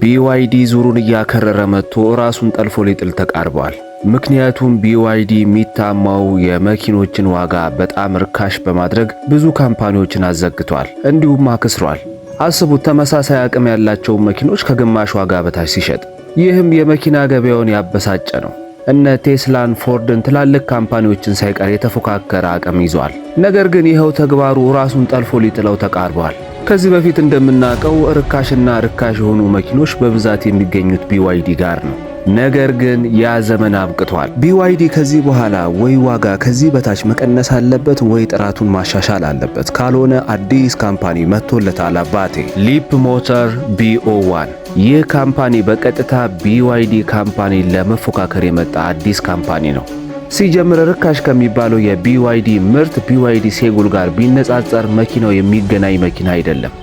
ቢዋይዲ ዙሩን እያከረረ መጥቶ ራሱን ጠልፎ ሊጥል ተቃርቧል። ምክንያቱም ቢዋይዲ የሚታማው የመኪኖችን ዋጋ በጣም ርካሽ በማድረግ ብዙ ካምፓኒዎችን አዘግቷል፣ እንዲሁም አክስሯል። አስቡት፣ ተመሳሳይ አቅም ያላቸውን መኪኖች ከግማሽ ዋጋ በታች ሲሸጥ። ይህም የመኪና ገበያውን ያበሳጨ ነው። እነ ቴስላን፣ ፎርድን ትላልቅ ካምፓኒዎችን ሳይቀር የተፎካከረ አቅም ይዟል። ነገር ግን ይኸው ተግባሩ ራሱን ጠልፎ ሊጥለው ተቃርቧል። ከዚህ በፊት እንደምናውቀው ርካሽና ርካሽ የሆኑ መኪኖች በብዛት የሚገኙት ቢዋይዲ ጋር ነው። ነገር ግን ያ ዘመን አብቅቷል። ቢዋይዲ ከዚህ በኋላ ወይ ዋጋ ከዚህ በታች መቀነስ አለበት ወይ ጥራቱን ማሻሻል አለበት። ካልሆነ አዲስ ካምፓኒ መጥቶለታል አባቴ። ሊፕ ሞተር ቢኦ1 ይህ ካምፓኒ በቀጥታ ቢዋይዲ ካምፓኒ ለመፎካከር የመጣ አዲስ ካምፓኒ ነው። ሲጀምር ርካሽ ከሚባለው የቢዋይዲ ምርት ቢዋይዲ ሴጉል ጋር ቢነጻጸር መኪናው የሚገናኝ መኪና አይደለም።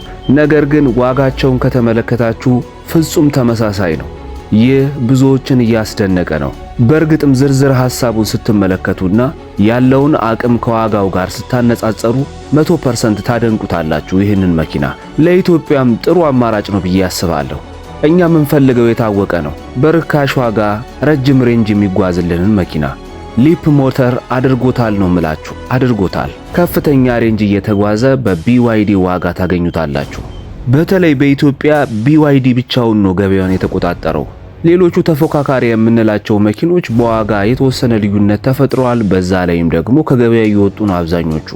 ነገር ግን ዋጋቸውን ከተመለከታችሁ ፍጹም ተመሳሳይ ነው። ይህ ብዙዎችን እያስደነቀ ነው። በእርግጥም ዝርዝር ሐሳቡን ስትመለከቱና ያለውን አቅም ከዋጋው ጋር ስታነጻጸሩ 100% ታደንቁታላችሁ። ይህንን መኪና ለኢትዮጵያም ጥሩ አማራጭ ነው ብዬ አስባለሁ። እኛ የምንፈልገው የታወቀ ነው። በርካሽ ዋጋ ረጅም ሬንጅ የሚጓዝልንን መኪና ሊፕ ሞተር አድርጎታል ነው ምላችሁ፣ አድርጎታል። ከፍተኛ ሬንጅ እየተጓዘ በቢዋይዲ ዋጋ ታገኙታላችሁ። በተለይ በኢትዮጵያ ቢዋይዲ ብቻውን ነው ገበያውን የተቆጣጠረው። ሌሎቹ ተፎካካሪ የምንላቸው መኪኖች በዋጋ የተወሰነ ልዩነት ተፈጥረዋል። በዛ ላይም ደግሞ ከገበያ እየወጡ ነው አብዛኞቹ።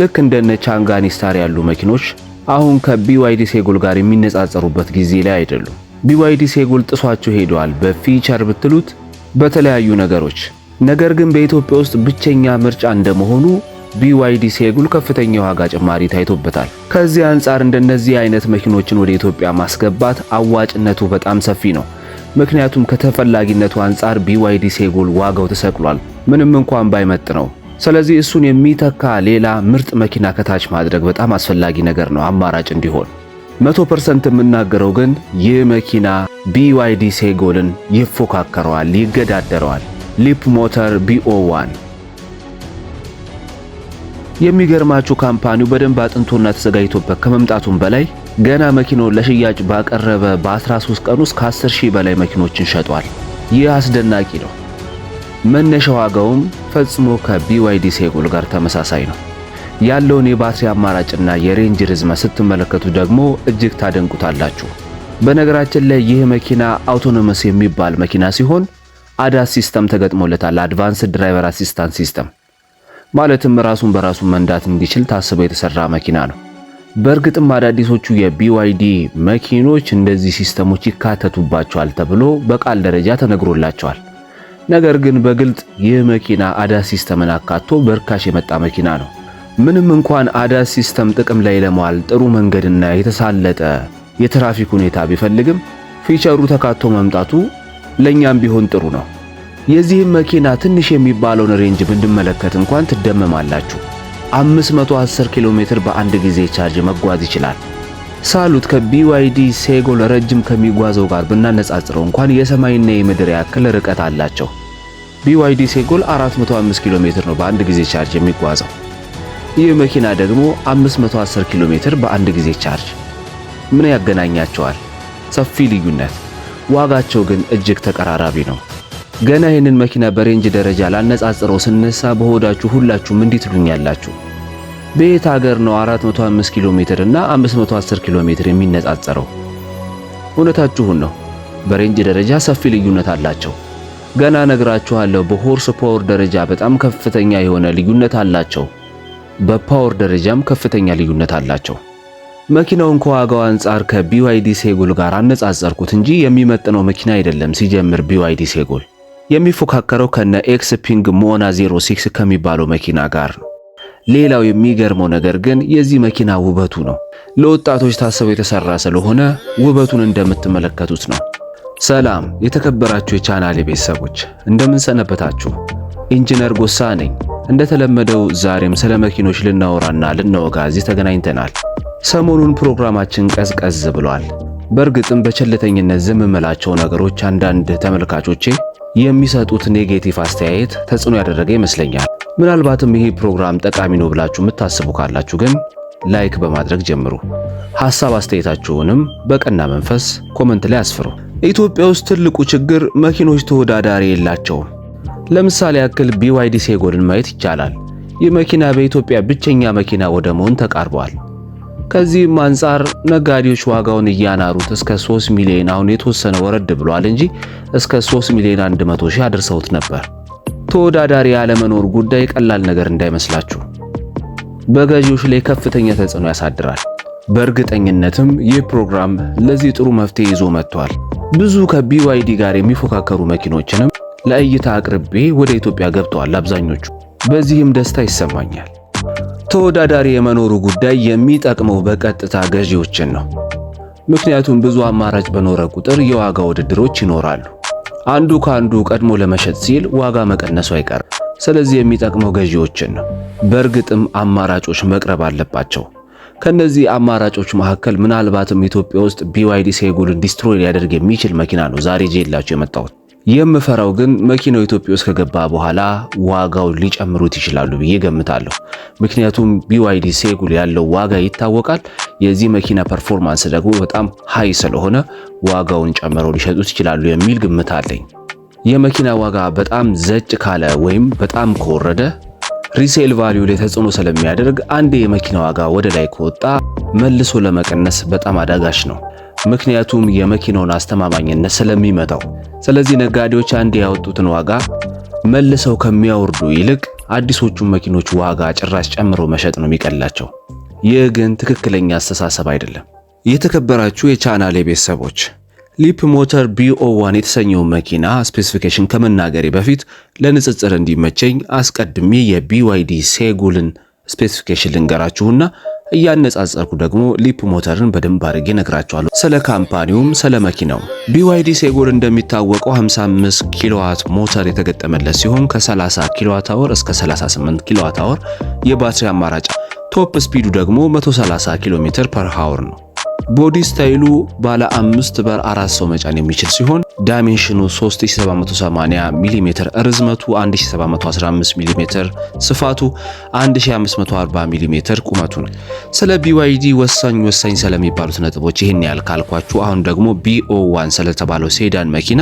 ልክ እንደነ ቻንጋን ስታር ያሉ መኪኖች አሁን ከቢዋይዲ ሴጎል ጋር የሚነጻጸሩበት ጊዜ ላይ አይደሉም። ቢዋይዲ ሴጎል ጥሷቸው ሄደዋል፣ በፊቸር ብትሉት፣ በተለያዩ ነገሮች። ነገር ግን በኢትዮጵያ ውስጥ ብቸኛ ምርጫ እንደመሆኑ ቢዋይዲ ሴጉል ከፍተኛ ዋጋ ጭማሪ ታይቶበታል። ከዚህ አንጻር እንደነዚህ አይነት መኪኖችን ወደ ኢትዮጵያ ማስገባት አዋጭነቱ በጣም ሰፊ ነው። ምክንያቱም ከተፈላጊነቱ አንጻር ቢዋይዲ ሴጉል ዋጋው ተሰቅሏል፣ ምንም እንኳን ባይመጥ ነው። ስለዚህ እሱን የሚተካ ሌላ ምርጥ መኪና ከታች ማድረግ በጣም አስፈላጊ ነገር ነው፣ አማራጭ እንዲሆን። መቶ ፐርሰንት የምናገረው ግን ይህ መኪና ቢዋይዲ ሴጎልን ይፎካከረዋል፣ ይገዳደረዋል። ሊፕ ሞተር ቢኦ1 የሚገርማችሁ ካምፓኒው በደንብ አጥንቶና ተዘጋጅቶበት ከመምጣቱም በላይ ገና መኪናውን ለሽያጭ ባቀረበ በ13 ቀን ውስጥ ከ10 ሺህ በላይ መኪኖችን ሸጧል። ይህ አስደናቂ ነው። መነሻ ዋጋውም ፈጽሞ ከቢዋይዲ ሴጎል ጋር ተመሳሳይ ነው። ያለውን የባትሪ አማራጭና የሬንጅ ርዝመት ስትመለከቱ ደግሞ እጅግ ታደንቁታላችሁ። በነገራችን ላይ ይህ መኪና አውቶኖመስ የሚባል መኪና ሲሆን አዳስ ሲስተም ተገጥሞለታል። አድቫንስ ድራይቨር አሲስታንት ሲስተም ማለትም ራሱን በራሱ መንዳት እንዲችል ታስቦ የተሰራ መኪና ነው። በእርግጥም አዳዲሶቹ የቢዋይዲ መኪኖች እንደዚህ ሲስተሞች ይካተቱባቸዋል ተብሎ በቃል ደረጃ ተነግሮላቸዋል። ነገር ግን በግልጥ ይህ መኪና አዳስ ሲስተምን አካቶ በርካሽ የመጣ መኪና ነው። ምንም እንኳን አዳስ ሲስተም ጥቅም ላይ ለመዋል ጥሩ መንገድና የተሳለጠ የትራፊክ ሁኔታ ቢፈልግም ፊቸሩ ተካቶ መምጣቱ ለእኛም ቢሆን ጥሩ ነው። የዚህም መኪና ትንሽ የሚባለውን ሬንጅ ብንመለከት እንኳን ትደመማላችሁ። 510 ኪሎ ሜትር በአንድ ጊዜ ቻርጅ መጓዝ ይችላል። ሳሉት ከቢዋይዲ ሴጎል ረጅም ከሚጓዘው ጋር ብናነጻጽረው እንኳን የሰማይና የምድር ያክል ርቀት አላቸው። ቢዋይዲ ሴጎል 405 ኪሎ ሜትር ነው በአንድ ጊዜ ቻርጅ የሚጓዘው። ይህ መኪና ደግሞ 510 ኪሎ ሜትር በአንድ ጊዜ ቻርጅ። ምን ያገናኛቸዋል? ሰፊ ልዩነት። ዋጋቸው ግን እጅግ ተቀራራቢ ነው። ገና ይህንን መኪና በሬንጅ ደረጃ ላነጻጽረው ስነሳ በሆዳችሁ ሁላችሁም እንዲህ ትሉኛላችሁ። በየት ሀገር ነው 405 ኪሎ ሜትር እና 510 ኪሎ ሜትር የሚነጻጸረው? እውነታችሁን ነው። በሬንጅ ደረጃ ሰፊ ልዩነት አላቸው። ገና ነግራችኋለሁ። በሆርስ ፓወር ደረጃ በጣም ከፍተኛ የሆነ ልዩነት አላቸው። በፓወር ደረጃም ከፍተኛ ልዩነት አላቸው። መኪናውን ከዋጋው አንጻር ከቢዋይዲ ሴጎል ጋር አነጻጸርኩት እንጂ የሚመጥነው መኪና አይደለም። ሲጀምር ቢዋይዲ ሴጎል የሚፎካከረው ከነ ኤክስ ፒንግ ሞና 06 ከሚባለው መኪና ጋር ነው። ሌላው የሚገርመው ነገር ግን የዚህ መኪና ውበቱ ነው። ለወጣቶች ታስበው የተሰራ ስለሆነ ውበቱን እንደምትመለከቱት ነው። ሰላም የተከበራችሁ የቻናሌ ቤተሰቦች እንደምን ሰነበታችሁ? ኢንጂነር ጎሳ ነኝ። እንደተለመደው ዛሬም ስለ መኪኖች ልናወራና ልናወጋ እዚህ ተገናኝተናል። ሰሞኑን ፕሮግራማችን ቀዝቀዝ ብሏል። በእርግጥም በቸልተኝነት ዝም እምላቸው ነገሮች አንዳንድ ተመልካቾቼ የሚሰጡት ኔጌቲቭ አስተያየት ተጽዕኖ ያደረገ ይመስለኛል። ምናልባትም ይሄ ፕሮግራም ጠቃሚ ነው ብላችሁ የምታስቡ ካላችሁ ግን ላይክ በማድረግ ጀምሩ። ሐሳብ አስተያየታችሁንም በቀና መንፈስ ኮመንት ላይ አስፍሩ። ኢትዮጵያ ውስጥ ትልቁ ችግር መኪኖች ተወዳዳሪ የላቸውም። ለምሳሌ ያክል ቢዋይዲ ሴጎልን ማየት ይቻላል። ይህ መኪና በኢትዮጵያ ብቸኛ መኪና ወደ መሆን ተቃርቧል። ከዚህም አንጻር ነጋዴዎች ዋጋውን እያናሩት እስከ 3 ሚሊዮን አሁን የተወሰነ ወረድ ብሏል እንጂ እስከ 3 ሚሊዮን 100 ሺህ አድርሰውት ነበር። ተወዳዳሪ ያለመኖር ጉዳይ ቀላል ነገር እንዳይመስላችሁ፣ በገዢዎች ላይ ከፍተኛ ተጽዕኖ ያሳድራል። በእርግጠኝነትም ይህ ፕሮግራም ለዚህ ጥሩ መፍትሄ ይዞ መጥቷል። ብዙ ከቢዋይዲ ጋር የሚፎካከሩ መኪኖችንም ለእይታ አቅርቤ ወደ ኢትዮጵያ ገብተዋል አብዛኞቹ። በዚህም ደስታ ይሰማኛል። ተወዳዳሪ የመኖሩ ጉዳይ የሚጠቅመው በቀጥታ ገዢዎችን ነው። ምክንያቱም ብዙ አማራጭ በኖረ ቁጥር የዋጋ ውድድሮች ይኖራሉ። አንዱ ከአንዱ ቀድሞ ለመሸጥ ሲል ዋጋ መቀነሱ አይቀርም። ስለዚህ የሚጠቅመው ገዢዎችን ነው። በእርግጥም አማራጮች መቅረብ አለባቸው። ከነዚህ አማራጮች መካከል ምናልባትም ኢትዮጵያ ውስጥ ቢዋይዲ ሴጉልን ዲስትሮይ ሊያደርግ የሚችል መኪና ነው ዛሬ ጄላቸው የመጣሁት። የምፈራው ግን መኪናው ኢትዮጵያ ውስጥ ከገባ በኋላ ዋጋው ሊጨምሩት ይችላሉ ብዬ ገምታለሁ። ምክንያቱም ቢዋይዲ ሴጉል ያለው ዋጋ ይታወቃል። የዚህ መኪና ፐርፎርማንስ ደግሞ በጣም ሀይ ስለሆነ ዋጋውን ጨምረው ሊሸጡት ይችላሉ የሚል ግምት አለኝ። የመኪና ዋጋ በጣም ዘጭ ካለ ወይም በጣም ከወረደ ሪሴል ቫሊዩ ላይ ተጽዕኖ ስለሚያደርግ አንዴ የመኪና ዋጋ ወደ ላይ ከወጣ መልሶ ለመቀነስ በጣም አዳጋች ነው። ምክንያቱም የመኪናውን አስተማማኝነት ስለሚመጣው ስለዚህ ነጋዴዎች አንድ ያወጡትን ዋጋ መልሰው ከሚያወርዱ ይልቅ አዲሶቹ መኪኖች ዋጋ ጭራሽ ጨምሮ መሸጥ ነው የሚቀላቸው። ይህ ግን ትክክለኛ አስተሳሰብ አይደለም። የተከበራችሁ የቻናሌ ቤተሰቦች ሊፕ ሞተር ቢኦ1 የተሰኘው መኪና ስፔሲፊኬሽን ከመናገሬ በፊት ለንጽጽር እንዲመቸኝ አስቀድሜ የቢዋይዲ ሴጉልን ስፔሲፊኬሽን ልንገራችሁና እያነጻጸርኩ ደግሞ ሊፕ ሞተርን በደንብ አድርጌ ነግራችኋለሁ። ስለ ካምፓኒውም ስለ መኪናው ቢዋይዲ ሴጉር እንደሚታወቀው 55 ኪሎዋት ሞተር የተገጠመለት ሲሆን ከ30 ኪሎዋት አወር እስከ 38 ኪሎዋት አወር የባትሪ አማራጭ ቶፕ ስፒዱ ደግሞ 130 ኪሎ ሜትር ፐር ሃወር ነው። ቦዲ ስታይሉ ባለ አምስት በር አራት ሰው መጫን የሚችል ሲሆን ዳይሜንሽኑ 3780 ሚሜ፣ ርዝመቱ 1715 ሚሜ፣ ስፋቱ 1540 ሚሜ ቁመቱን። ስለ ቢዋይዲ ወሳኝ ወሳኝ ስለሚባሉት ነጥቦች ይህን ያህል ካልኳችሁ፣ አሁን ደግሞ ቢኦ1 ስለተባለው ሴዳን መኪና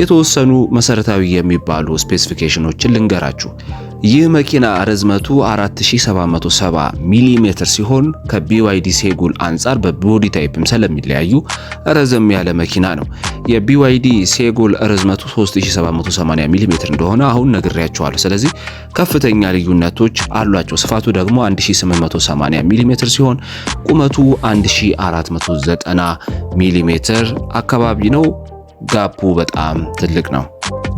የተወሰኑ መሰረታዊ የሚባሉ ስፔሲፊኬሽኖችን ልንገራችሁ። ይህ መኪና ርዝመቱ 4770 ሚሜ ሲሆን ከቢዋይዲ ሴጉል አንጻር በቦዲ ታይፕም ስለሚለያዩ ረዘም ያለ መኪና ነው። የቢዋይዲ ሴጉል ርዝመቱ 3780 ሚሜ እንደሆነ አሁን ነግሬያቸዋለሁ። ስለዚህ ከፍተኛ ልዩነቶች አሏቸው። ስፋቱ ደግሞ 1880 ሚሜ ሲሆን ቁመቱ 1490 ሚሜ አካባቢ ነው። ጋፑ በጣም ትልቅ ነው።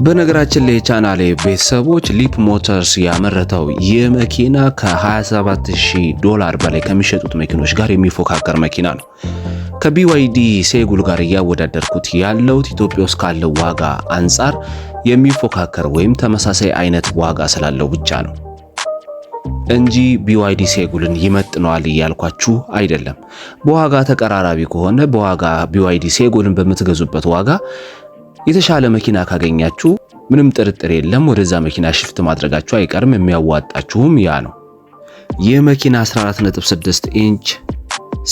በነገራችን ላይ ቻናሌ ቤተሰቦች ሊፕ ሞተርስ ያመረተው ይህ መኪና ከ27000 ዶላር በላይ ከሚሸጡት መኪኖች ጋር የሚፎካከር መኪና ነው። ከቢዋይዲ ሴጉል ጋር እያወዳደርኩት ያለውት ኢትዮጵያ ውስጥ ካለው ዋጋ አንጻር የሚፎካከር ወይም ተመሳሳይ አይነት ዋጋ ስላለው ብቻ ነው እንጂ ቢዋይዲ ሴጉልን ይመጥነዋል እያልኳችሁ አይደለም። በዋጋ ተቀራራቢ ከሆነ በዋጋ ቢዋይዲ ሴጉልን በምትገዙበት ዋጋ የተሻለ መኪና ካገኛችሁ ምንም ጥርጥር የለም ወደዛ መኪና ሽፍት ማድረጋችሁ አይቀርም። የሚያዋጣችሁም ያ ነው። ይህ መኪና 14.6 ኢንች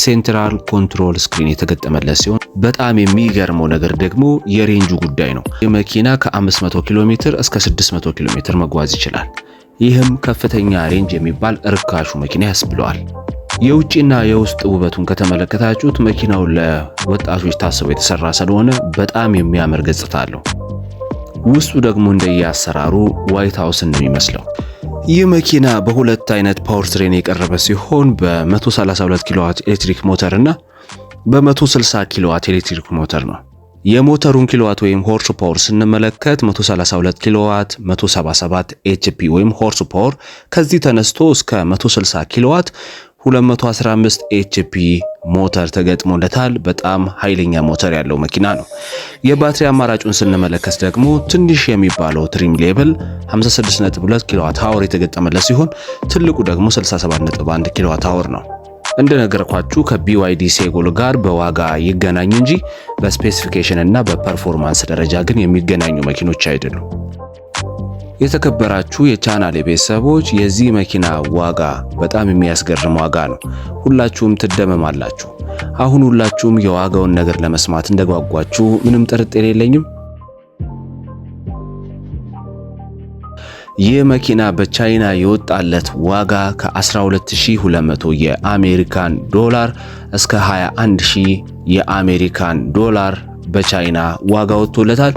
ሴንትራል ኮንትሮል ስክሪን የተገጠመለት ሲሆን በጣም የሚገርመው ነገር ደግሞ የሬንጁ ጉዳይ ነው። ይህ መኪና ከ500 ኪሎ ሜትር እስከ 600 ኪሎ ሜትር መጓዝ ይችላል። ይህም ከፍተኛ ሬንጅ የሚባል እርካሹ መኪና ያስብለዋል። የውጭና የውስጥ ውበቱን ከተመለከታችሁት መኪናው ለወጣቶች ታስቦ የተሰራ ስለሆነ በጣም የሚያምር ገጽታ አለው። ውስጡ ደግሞ እንደየአሰራሩ ዋይት ሃውስ ነው የሚመስለው። ይህ መኪና በሁለት አይነት ፓወር ትሬን የቀረበ ሲሆን በ132 ኪሎዋት ኤሌክትሪክ ሞተር እና በ160 ኪሎዋት ኤሌክትሪክ ሞተር ነው። የሞተሩን ኪሎዋት ወይም ሆርስ ፓወር ስንመለከት 132 ኪሎዋት 177 ኤችፒ ወይም ሆርስ ፓወር ከዚህ ተነስቶ እስከ 160 ኪሎዋት 215 ኤችፒ ሞተር ተገጥሞለታል። በጣም ኃይለኛ ሞተር ያለው መኪና ነው። የባትሪ አማራጩን ስንመለከት ደግሞ ትንሽ የሚባለው ትሪም ሌብል 56.2 ኪሎዋት አወር የተገጠመለት ሲሆን ትልቁ ደግሞ 67.1 ኪሎዋት አወር ነው። እንደነገርኳችሁ ከቢዋይዲ ሴጎል ጋር በዋጋ ይገናኝ እንጂ በስፔሲፊኬሽን እና በፐርፎርማንስ ደረጃ ግን የሚገናኙ መኪኖች አይደሉም። የተከበራችሁ የቻናል ቤተሰቦች የዚህ መኪና ዋጋ በጣም የሚያስገርም ዋጋ ነው። ሁላችሁም ትደመማላችሁ። አሁን ሁላችሁም የዋጋውን ነገር ለመስማት እንደጓጓችሁ ምንም ጥርጥር የለኝም። ይህ መኪና በቻይና የወጣለት ዋጋ ከ12200 የአሜሪካን ዶላር እስከ 21000 የአሜሪካን ዶላር በቻይና ዋጋ ወጥቶለታል።